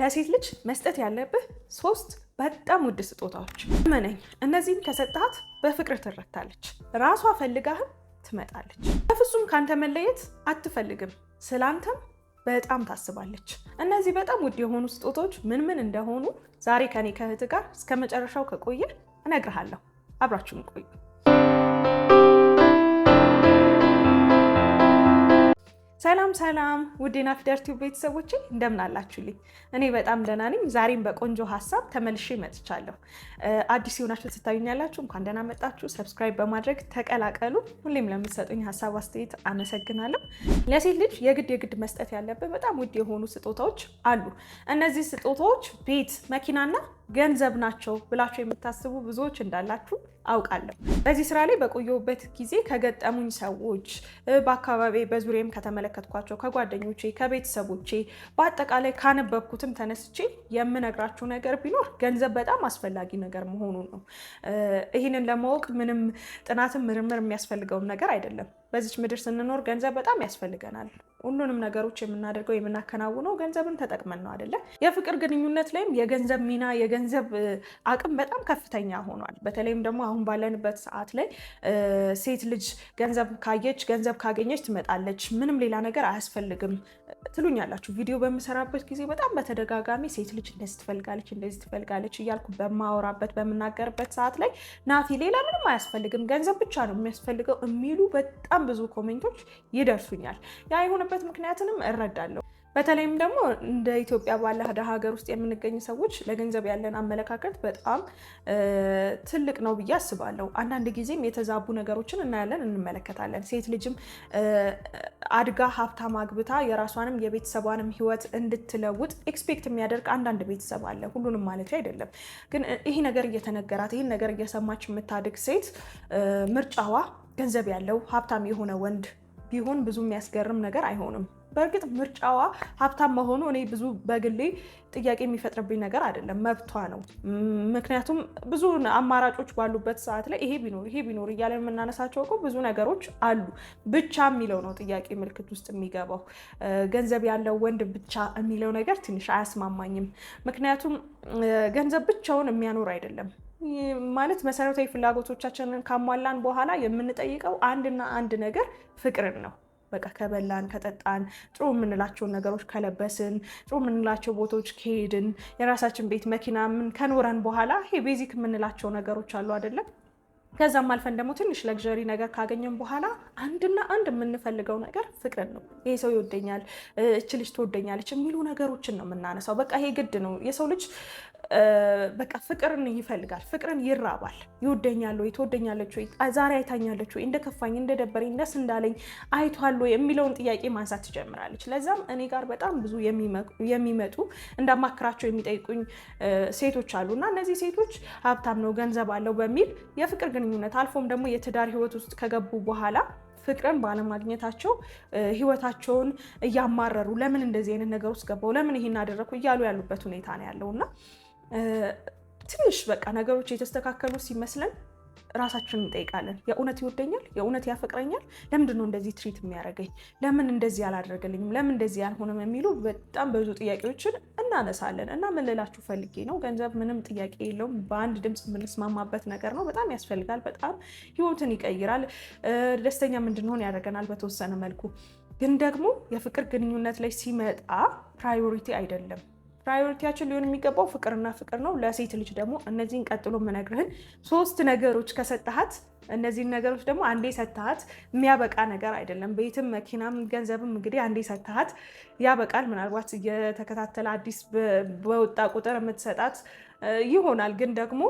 ለሴት ልጅ መስጠት ያለብህ ሶስት በጣም ውድ ስጦታዎች እመነኝ፣ እነዚህን ከሰጣት በፍቅር ትረታለች፣ ራሷ ፈልጋህም ትመጣለች። በፍጹም ካንተ መለየት አትፈልግም፣ ስላንተም በጣም ታስባለች። እነዚህ በጣም ውድ የሆኑ ስጦታዎች ምን ምን እንደሆኑ ዛሬ ከኔ ከእህት ጋር እስከ መጨረሻው ከቆየ እነግርሃለሁ። አብራችሁን ቆዩ። ሰላም ሰላም ውዴና ፊደር ቲዩብ ቤተሰቦቼ እንደምን አላችሁልኝ? እኔ በጣም ደህና ነኝ። ዛሬም በቆንጆ ሀሳብ ተመልሼ መጥቻለሁ። አዲስ የሆናችሁ ስታዩኝ ያላችሁ እንኳን ደህና መጣችሁ። ሰብስክራይብ በማድረግ ተቀላቀሉ። ሁሌም ለምትሰጡኝ ሀሳብ አስተያየት አመሰግናለሁ። ለሴት ልጅ የግድ የግድ መስጠት ያለብን በጣም ውድ የሆኑ ስጦታዎች አሉ። እነዚህ ስጦታዎች ቤት፣ መኪናና ገንዘብ ናቸው ብላቸው የምታስቡ ብዙዎች እንዳላችሁ አውቃለሁ። በዚህ ስራ ላይ በቆየሁበት ጊዜ ከገጠሙኝ ሰዎች፣ በአካባቢ በዙሪያም ከተመለከትኳቸው፣ ከጓደኞቼ፣ ከቤተሰቦቼ በአጠቃላይ ካነበብኩትም ተነስቼ የምነግራችሁ ነገር ቢኖር ገንዘብ በጣም አስፈላጊ ነገር መሆኑን ነው። ይህንን ለማወቅ ምንም ጥናትም ምርምር የሚያስፈልገውም ነገር አይደለም። በዚች ምድር ስንኖር ገንዘብ በጣም ያስፈልገናል። ሁሉንም ነገሮች የምናደርገው የምናከናውነው ገንዘብን ተጠቅመን ነው አይደለም። የፍቅር ግንኙነት ላይም የገንዘብ ሚና የገንዘብ አቅም በጣም ከፍተኛ ሆኗል። በተለይም ደግሞ አሁን ባለንበት ሰዓት ላይ ሴት ልጅ ገንዘብ ካየች ገንዘብ ካገኘች ትመጣለች፣ ምንም ሌላ ነገር አያስፈልግም ትሉኛላችሁ። ቪዲዮ በምሰራበት ጊዜ በጣም በተደጋጋሚ ሴት ልጅ እንደዚህ ትፈልጋለች፣ እንደዚህ ትፈልጋለች እያልኩ በማወራበት በምናገርበት ሰዓት ላይ ናቲ ሌላ ምንም አያስፈልግም ገንዘብ ብቻ ነው የሚያስፈልገው የሚሉ በጣም ብዙ ኮሜንቶች ይደርሱኛል። ያ የሆነበት ምክንያትንም እረዳለሁ። በተለይም ደግሞ እንደ ኢትዮጵያ ባለ ደ ሀገር ውስጥ የምንገኝ ሰዎች ለገንዘብ ያለን አመለካከት በጣም ትልቅ ነው ብዬ አስባለሁ። አንዳንድ ጊዜም የተዛቡ ነገሮችን እናያለን፣ እንመለከታለን። ሴት ልጅም አድጋ ሀብታም አግብታ የራሷንም የቤተሰቧንም ህይወት እንድትለውጥ ኤክስፔክት የሚያደርግ አንዳንድ ቤተሰብ አለ። ሁሉንም ማለት አይደለም፣ ግን ይህ ነገር እየተነገራት ይህን ነገር እየሰማች የምታድግ ሴት ምርጫዋ ገንዘብ ያለው ሀብታም የሆነ ወንድ ቢሆን ብዙ የሚያስገርም ነገር አይሆንም። በእርግጥ ምርጫዋ ሀብታም መሆኑ እኔ ብዙ በግሌ ጥያቄ የሚፈጥርብኝ ነገር አይደለም፣ መብቷ ነው። ምክንያቱም ብዙ አማራጮች ባሉበት ሰዓት ላይ ይሄ ቢኖር ይሄ ቢኖር እያለ የምናነሳቸው እኮ ብዙ ነገሮች አሉ። ብቻ የሚለው ነው ጥያቄ ምልክት ውስጥ የሚገባው። ገንዘብ ያለው ወንድ ብቻ የሚለው ነገር ትንሽ አያስማማኝም። ምክንያቱም ገንዘብ ብቻውን የሚያኖር አይደለም ማለት መሰረታዊ ፍላጎቶቻችንን ካሟላን በኋላ የምንጠይቀው አንድና አንድ ነገር ፍቅርን ነው። በቃ ከበላን ከጠጣን ጥሩ የምንላቸውን ነገሮች ከለበስን ጥሩ የምንላቸው ቦታዎች ከሄድን የራሳችን ቤት መኪና ምን ከኖረን በኋላ ይሄ ቤዚክ የምንላቸው ነገሮች አሉ አይደለም። ከዛም አልፈን ደግሞ ትንሽ ለግዠሪ ነገር ካገኘን በኋላ አንድና አንድ የምንፈልገው ነገር ፍቅርን ነው። ይሄ ሰው ይወደኛል፣ እች ልጅ ትወደኛለች የሚሉ ነገሮችን ነው የምናነሳው። በቃ ይሄ ግድ ነው። የሰው ልጅ በቃ ፍቅርን ይፈልጋል፣ ፍቅርን ይራባል። ይወደኛል ወይ ትወደኛለች ወይ ዛሬ አይታኛለች ወይ እንደከፋኝ፣ እንደደበረኝ፣ ደስ እንዳለኝ አይቷል ወይ የሚለውን ጥያቄ ማንሳት ትጀምራለች። ለዛም እኔ ጋር በጣም ብዙ የሚመጡ እንዳማክራቸው የሚጠይቁኝ ሴቶች አሉ እና እነዚህ ሴቶች ሀብታም ነው ገንዘብ አለው በሚል የፍቅር ግንኙነት አልፎም ደግሞ የትዳር ህይወት ውስጥ ከገቡ በኋላ ፍቅርን ባለማግኘታቸው ህይወታቸውን እያማረሩ ለምን እንደዚህ አይነት ነገር ውስጥ ገባው፣ ለምን ይሄን አደረኩ እያሉ ያሉበት ሁኔታ ነው ያለው እና ትንሽ በቃ ነገሮች የተስተካከሉ ሲመስለን ራሳችንን እንጠይቃለን። የእውነት ይወደኛል? የእውነት ያፈቅረኛል? ለምንድን ነው እንደዚህ ትሪት የሚያደርገኝ? ለምን እንደዚህ አላደረገልኝም? ለምን እንደዚህ አልሆነም? የሚሉ በጣም ብዙ ጥያቄዎችን እናነሳለን እና ምን ልላችሁ ፈልጌ ነው፣ ገንዘብ ምንም ጥያቄ የለውም። በአንድ ድምፅ የምንስማማበት ነገር ነው። በጣም ያስፈልጋል። በጣም ህይወትን ይቀይራል። ደስተኛም እንድንሆን ያደርገናል በተወሰነ መልኩ። ግን ደግሞ የፍቅር ግንኙነት ላይ ሲመጣ ፕራዮሪቲ አይደለም ፕራዮሪቲያችን ሊሆን የሚገባው ፍቅርና ፍቅር ነው። ለሴት ልጅ ደግሞ እነዚህን ቀጥሎ የምነግርህን ሶስት ነገሮች ከሰጠሃት እነዚህን ነገሮች ደግሞ አንዴ ሰጥተሃት የሚያበቃ ነገር አይደለም። ቤትም፣ መኪናም፣ ገንዘብም እንግዲህ አንዴ ሰጥተሃት ያበቃል። ምናልባት እየተከታተለ አዲስ በወጣ ቁጥር የምትሰጣት ይሆናል ግን ደግሞ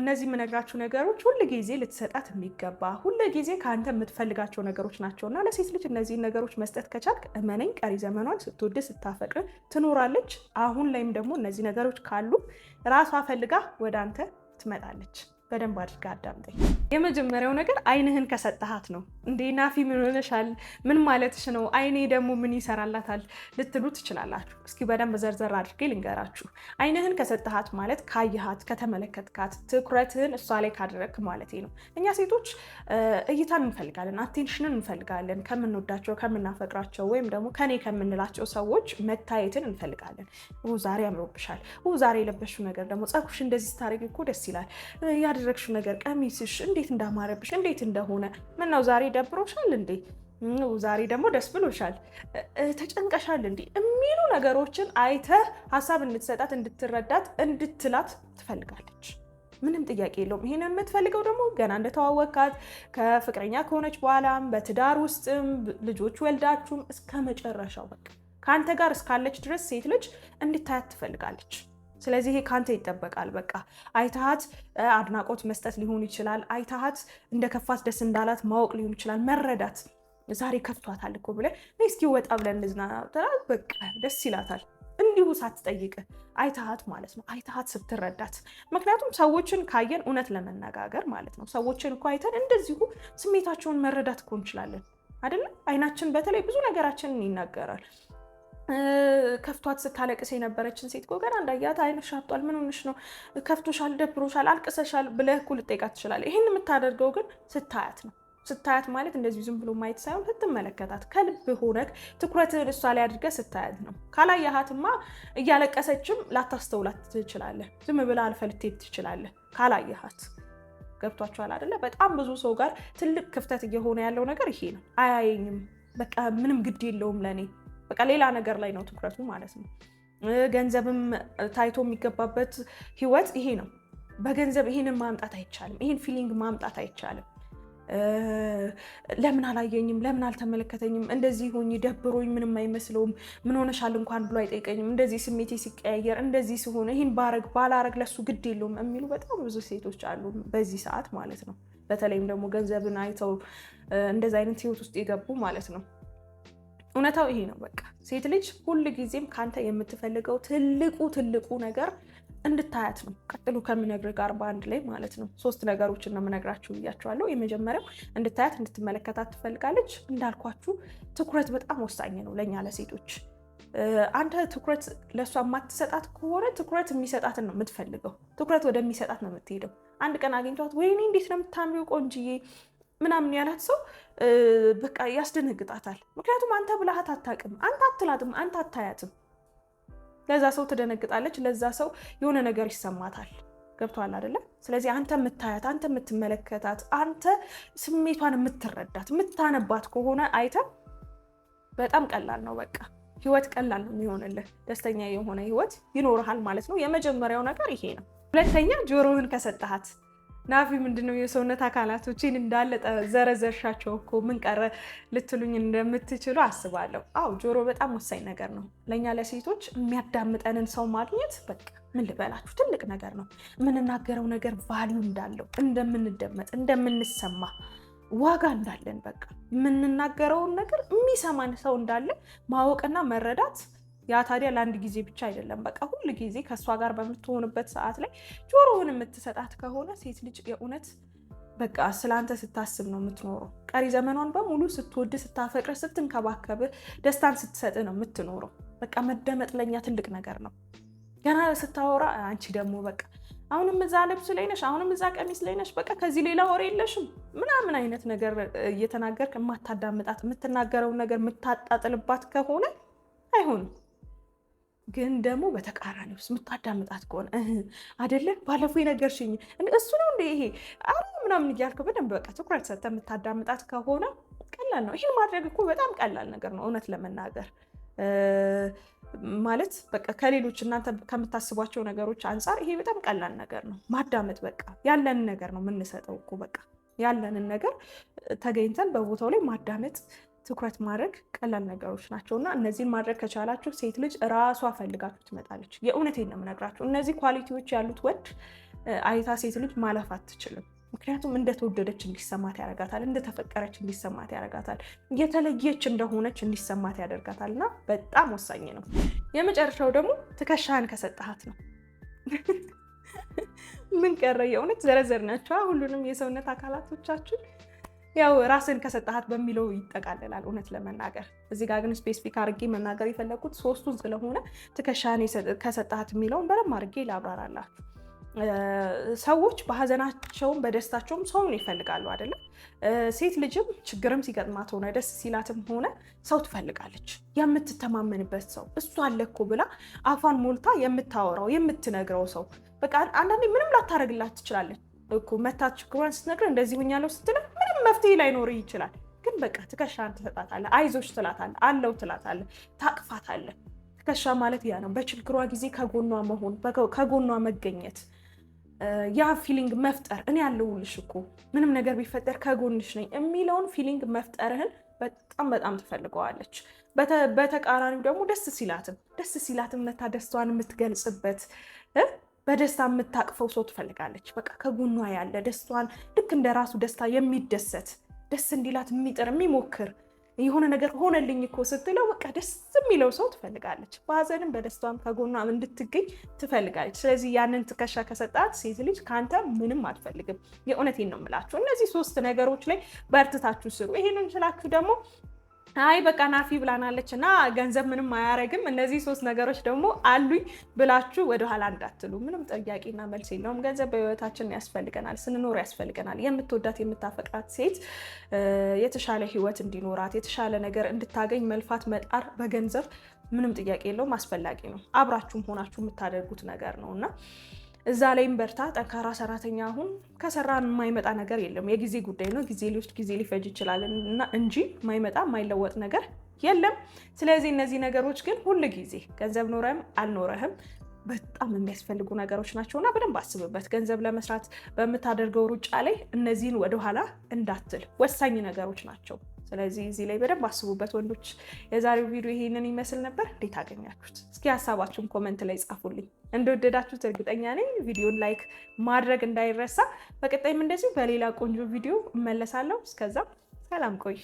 እነዚህ የምነግራቸው ነገሮች ሁል ጊዜ ልትሰጣት የሚገባ ሁል ጊዜ ከአንተ የምትፈልጋቸው ነገሮች ናቸው እና ለሴት ልጅ እነዚህን ነገሮች መስጠት ከቻልክ እመነኝ፣ ቀሪ ዘመኗን ስትወድ ስታፈቅር ትኖራለች። አሁን ላይም ደግሞ እነዚህ ነገሮች ካሉ ራሷ ፈልጋ ወደ አንተ ትመጣለች። በደንብ አድርጋ አዳምጠኝ። የመጀመሪያው ነገር አይንህን ከሰጠሃት ነው። እንዴ ናፊ ምን ሆነሻል? ምን ማለትሽ ነው? አይኔ ደግሞ ምን ይሰራላታል ልትሉ ትችላላችሁ። እስኪ በደንብ ዘርዘር አድርጌ ልንገራችሁ። አይንህን ከሰጠሃት ማለት ካየሃት፣ ከተመለከትካት፣ ትኩረትህን እሷ ላይ ካደረግክ ማለት ነው። እኛ ሴቶች እይታን እንፈልጋለን፣ አቴንሽንን እንፈልጋለን። ከምንወዳቸው ከምናፈቅራቸው፣ ወይም ደግሞ ከኔ ከምንላቸው ሰዎች መታየትን እንፈልጋለን። ዛሬ አምሮብሻል፣ ዛሬ የለበሽው ነገር ደግሞ ፀጉርሽ እንደዚህ ስታደርጊ እኮ ደስ ይላል ያደረግሽው ነገር ቀሚስሽ እንዴት እንዳማረብሽ እንዴት እንደሆነ ምነው ዛሬ ደብሮሻል እንዴ? ዛሬ ደግሞ ደስ ብሎሻል፣ ተጨንቀሻል እንዲህ የሚሉ ነገሮችን አይተህ ሀሳብ እንድትሰጣት፣ እንድትረዳት፣ እንድትላት ትፈልጋለች። ምንም ጥያቄ የለውም። ይህን የምትፈልገው ደግሞ ገና እንደተዋወቃት ከፍቅረኛ ከሆነች በኋላም በትዳር ውስጥም ልጆች ወልዳችሁም እስከ መጨረሻው በቃ ከአንተ ጋር እስካለች ድረስ ሴት ልጅ እንድታያት ትፈልጋለች። ስለዚህ ይሄ ካንተ ይጠበቃል። በቃ አይታሃት አድናቆት መስጠት ሊሆን ይችላል። አይታሃት እንደ ከፋት ደስ እንዳላት ማወቅ ሊሆን ይችላል። መረዳት ዛሬ ከፍቷታል እኮ ብለን እስኪ ወጣ ብለን እንዝና በቃ ደስ ይላታል። እንዲሁ ሳትጠይቅ አይታሃት ማለት ነው። አይታሃት ስትረዳት፣ ምክንያቱም ሰዎችን ካየን እውነት ለመነጋገር ማለት ነው ሰዎችን እኮ አይተን እንደዚሁ ስሜታቸውን መረዳት እኮ እንችላለን አይደለም። አይናችን በተለይ ብዙ ነገራችንን ይናገራል። ከፍቷት ስታለቅስ የነበረችን ሴት ጎገር አንዳያት እንዳያት አይንሽ አብጧል፣ ምን ሆነሽ ነው? ከፍቶሻል፣ ደብሮሻል፣ አልቅሰሻል ብለህ እኮ ልጠይቃት ትችላለህ። ይህን የምታደርገው ግን ስታያት ነው። ስታያት ማለት እንደዚህ ዝም ብሎ ማየት ሳይሆን ስትመለከታት ከልብ ሆነህ ትኩረትህን እሷ ላይ አድርገህ ስታያት ነው። ካላያሃትማ እያለቀሰችም ላታስተውላት ትችላለህ። ዝም ብላ አልፈህ ልትሄድ ትችላለህ ካላያሃት። ገብቷችኋል አይደለ? በጣም ብዙ ሰው ጋር ትልቅ ክፍተት እየሆነ ያለው ነገር ይሄ ነው። አያየኝም፣ በቃ ምንም ግድ የለውም ለእኔ በቃ ሌላ ነገር ላይ ነው ትኩረቱ ማለት ነው። ገንዘብም ታይቶ የሚገባበት ህይወት ይሄ ነው። በገንዘብ ይሄንን ማምጣት አይቻልም። ይሄን ፊሊንግ ማምጣት አይቻልም። ለምን አላየኝም? ለምን አልተመለከተኝም? እንደዚህ ሆኝ ደብሮኝ ምንም አይመስለውም። ምን ሆነሻል እንኳን ብሎ አይጠይቀኝም። እንደዚህ ስሜቴ ሲቀያየር፣ እንደዚህ ሲሆን ይህን ባረግ ባላረግ ለሱ ግድ የለውም የሚሉ በጣም ብዙ ሴቶች አሉ በዚህ ሰዓት ማለት ነው። በተለይም ደግሞ ገንዘብን አይተው እንደዚ አይነት ህይወት ውስጥ የገቡ ማለት ነው። እውነታው ይሄ ነው። በቃ ሴት ልጅ ሁል ጊዜም ከአንተ የምትፈልገው ትልቁ ትልቁ ነገር እንድታያት ነው። ቀጥሎ ከምነግር ጋር በአንድ ላይ ማለት ነው። ሶስት ነገሮችን ነው የምነግራችሁ ብያቸዋለሁ። የመጀመሪያው እንድታያት እንድትመለከታት ትፈልጋለች። እንዳልኳችሁ ትኩረት በጣም ወሳኝ ነው ለእኛ ለሴቶች። አንተ ትኩረት ለእሷ የማትሰጣት ከሆነ ትኩረት የሚሰጣትን ነው የምትፈልገው። ትኩረት ወደሚሰጣት ነው የምትሄደው። አንድ ቀን አግኝቷት ወይኔ እንዴት ነው የምታምሪው ቆንጅዬ ምናምን ያላት ሰው በቃ ያስደነግጣታል። ምክንያቱም አንተ ብልሃት አታውቅም፣ አንተ አትላትም፣ አንተ አታያትም። ለዛ ሰው ትደነግጣለች፣ ለዛ ሰው የሆነ ነገር ይሰማታል። ገብቷል አይደለም? ስለዚህ አንተ የምታያት አንተ የምትመለከታት አንተ ስሜቷን የምትረዳት የምታነባት ከሆነ አይተ በጣም ቀላል ነው። በቃ ህይወት ቀላል ነው የሚሆንልህ። ደስተኛ የሆነ ህይወት ይኖርሃል ማለት ነው። የመጀመሪያው ነገር ይሄ ነው። ሁለተኛ ጆሮህን ከሰጠሃት ናፊ ምንድነው የሰውነት አካላቶችን እንዳለ ዘረዘርሻቸው እኮ ምን ቀረ ልትሉኝ እንደምትችሉ አስባለሁ። አዎ ጆሮ በጣም ወሳኝ ነገር ነው ለእኛ ለሴቶች። የሚያዳምጠንን ሰው ማግኘት በቃ ምን ልበላችሁ ትልቅ ነገር ነው። የምንናገረው ነገር ቫሊዩ እንዳለው እንደምንደመጥ፣ እንደምንሰማ ዋጋ እንዳለን በቃ የምንናገረውን ነገር የሚሰማን ሰው እንዳለ ማወቅና መረዳት ያ ታዲያ ለአንድ ጊዜ ብቻ አይደለም። በቃ ሁል ጊዜ ከእሷ ጋር በምትሆንበት ሰዓት ላይ ጆሮውን የምትሰጣት ከሆነ ሴት ልጅ የእውነት በቃ ስለአንተ ስታስብ ነው የምትኖረው። ቀሪ ዘመኗን በሙሉ ስትወድ፣ ስታፈቅር፣ ስትንከባከብ ደስታን ስትሰጥ ነው የምትኖረው። በቃ መደመጥ ለኛ ትልቅ ነገር ነው። ገና ስታወራ አንቺ ደግሞ በቃ አሁንም እዛ ልብስ ላይ ነሽ፣ አሁንም እዛ ቀሚስ ላይ ነሽ፣ በቃ ከዚህ ሌላ ወሬ የለሽም ምናምን አይነት ነገር እየተናገርክ የማታዳምጣት የምትናገረውን ነገር የምታጣጥልባት ከሆነ አይሆንም። ግን ደግሞ በተቃራኒ ውስጥ የምታዳምጣት ከሆነ አይደለም ባለፈው የነገርሽኝ እሱ ነው እንደ ይሄ አሁ ምናምን እያልክ በደንብ በቃ ትኩረት ሰጥተህ የምታዳምጣት ከሆነ ቀላል ነው። ይህን ማድረግ እኮ በጣም ቀላል ነገር ነው እውነት ለመናገር ማለት በቃ ከሌሎች እናንተ ከምታስቧቸው ነገሮች አንጻር ይሄ በጣም ቀላል ነገር ነው። ማዳመጥ በቃ ያለንን ነገር ነው የምንሰጠው እኮ በቃ ያለንን ነገር ተገኝተን በቦታው ላይ ማዳመጥ ትኩረት ማድረግ ቀላል ነገሮች ናቸው እና እነዚህን ማድረግ ከቻላችሁ ሴት ልጅ ራሷ ፈልጋችሁ ትመጣለች። የእውነቴን ነው የምነግራችሁ። እነዚህ ኳሊቲዎች ያሉት ወንድ አይታ ሴት ልጅ ማለፍ አትችልም። ምክንያቱም እንደተወደደች እንዲሰማት ያደርጋታል፣ እንደተፈቀረች እንዲሰማት ያደርጋታል፣ የተለየች እንደሆነች እንዲሰማት ያደርጋታል እና በጣም ወሳኝ ነው። የመጨረሻው ደግሞ ትከሻህን ከሰጠሃት ነው። ምን ቀረ? የእውነት ናቸው ሁሉንም የሰውነት አካላቶቻችን ያው ራስን ከሰጠሃት በሚለው ይጠቃልላል። እውነት ለመናገር እዚህ ጋር ግን ስፔሲፊክ አድርጌ መናገር የፈለግኩት ሶስቱን ስለሆነ ትከሻህን ከሰጠሃት የሚለውን በደንብ አድርጌ ላብራራላችሁ። ሰዎች በሀዘናቸውም በደስታቸውም ሰውን ይፈልጋሉ አይደለም። ሴት ልጅም ችግርም ሲገጥማት ሆነ ደስ ሲላትም ሆነ ሰው ትፈልጋለች፣ የምትተማመንበት ሰው እሱ አለ እኮ ብላ አፏን ሞልታ የምታወራው የምትነግረው ሰው። በቃ አንዳንዴ ምንም ላታደርግላት ትችላለች እኮ መታች ችግሯን ስትነግር እንደዚህ ሆኛለሁ ስትለ መፍትሄ ላይኖር ይችላል። ግን በቃ ትከሻን ትሰጣታለህ፣ አይዞች ትላታለህ፣ አለው ትላታለህ፣ ታቅፋታለህ። ትከሻ ማለት ያ ነው። በችግሯ ጊዜ ከጎኗ መሆን፣ ከጎኗ መገኘት፣ ያ ፊሊንግ መፍጠር እኔ ያለሁልሽ እኮ ምንም ነገር ቢፈጠር ከጎንሽ ነኝ የሚለውን ፊሊንግ መፍጠርህን በጣም በጣም ትፈልገዋለች። በተቃራኒው ደግሞ ደስ ሲላትም ደስ ሲላትም መታ ደስቷን የምትገልጽበት በደስታ የምታቅፈው ሰው ትፈልጋለች። በቃ ከጎኗ ያለ ደስቷን ልክ እንደ ራሱ ደስታ የሚደሰት ደስ እንዲላት የሚጥር የሚሞክር የሆነ ነገር ሆነልኝ እኮ ስትለው በቃ ደስ የሚለው ሰው ትፈልጋለች። በሀዘንም በደስታም ከጎኗ እንድትገኝ ትፈልጋለች። ስለዚህ ያንን ትከሻ ከሰጣት ሴት ልጅ ከአንተ ምንም አትፈልግም። የእውነቴን ነው የምላችሁ። እነዚህ ሶስት ነገሮች ላይ በርትታችሁ ስሩ። ይህንን ስላችሁ ደግሞ አይ በቃ ናፊ ብላናለች እና ገንዘብ ምንም አያረግም፣ እነዚህ ሶስት ነገሮች ደግሞ አሉኝ ብላችሁ ወደኋላ እንዳትሉ። ምንም ጥያቄና መልስ የለውም። ገንዘብ በህይወታችን ያስፈልገናል፣ ስንኖር ያስፈልገናል። የምትወዳት የምታፈቅራት ሴት የተሻለ ህይወት እንዲኖራት የተሻለ ነገር እንድታገኝ መልፋት መጣር በገንዘብ ምንም ጥያቄ የለውም፣ አስፈላጊ ነው። አብራችሁም ሆናችሁ የምታደርጉት ነገር ነው እና እዛ ላይም በርታ፣ ጠንካራ ሰራተኛ ሁን። ከሰራ የማይመጣ ነገር የለም። የጊዜ ጉዳይ ነው። ጊዜ ሊወስድ ጊዜ ሊፈጅ ይችላል እና እንጂ የማይመጣ የማይለወጥ ነገር የለም። ስለዚህ እነዚህ ነገሮች ግን ሁል ጊዜ ገንዘብ ኖረም አልኖረህም በጣም የሚያስፈልጉ ነገሮች ናቸውና በደንብ አስብበት። ገንዘብ ለመስራት በምታደርገው ሩጫ ላይ እነዚህን ወደኋላ እንዳትል ወሳኝ ነገሮች ናቸው። ስለዚህ እዚህ ላይ በደንብ አስቡበት ወንዶች። የዛሬው ቪዲዮ ይሄንን ይመስል ነበር። እንዴት አገኛችሁት? እስኪ ሀሳባችሁን ኮመንት ላይ ጻፉልኝ። እንደወደዳችሁት እርግጠኛ ነኝ። ቪዲዮን ላይክ ማድረግ እንዳይረሳ። በቀጣይም እንደዚሁ በሌላ ቆንጆ ቪዲዮ እመለሳለሁ። እስከዛ ሰላም ቆይ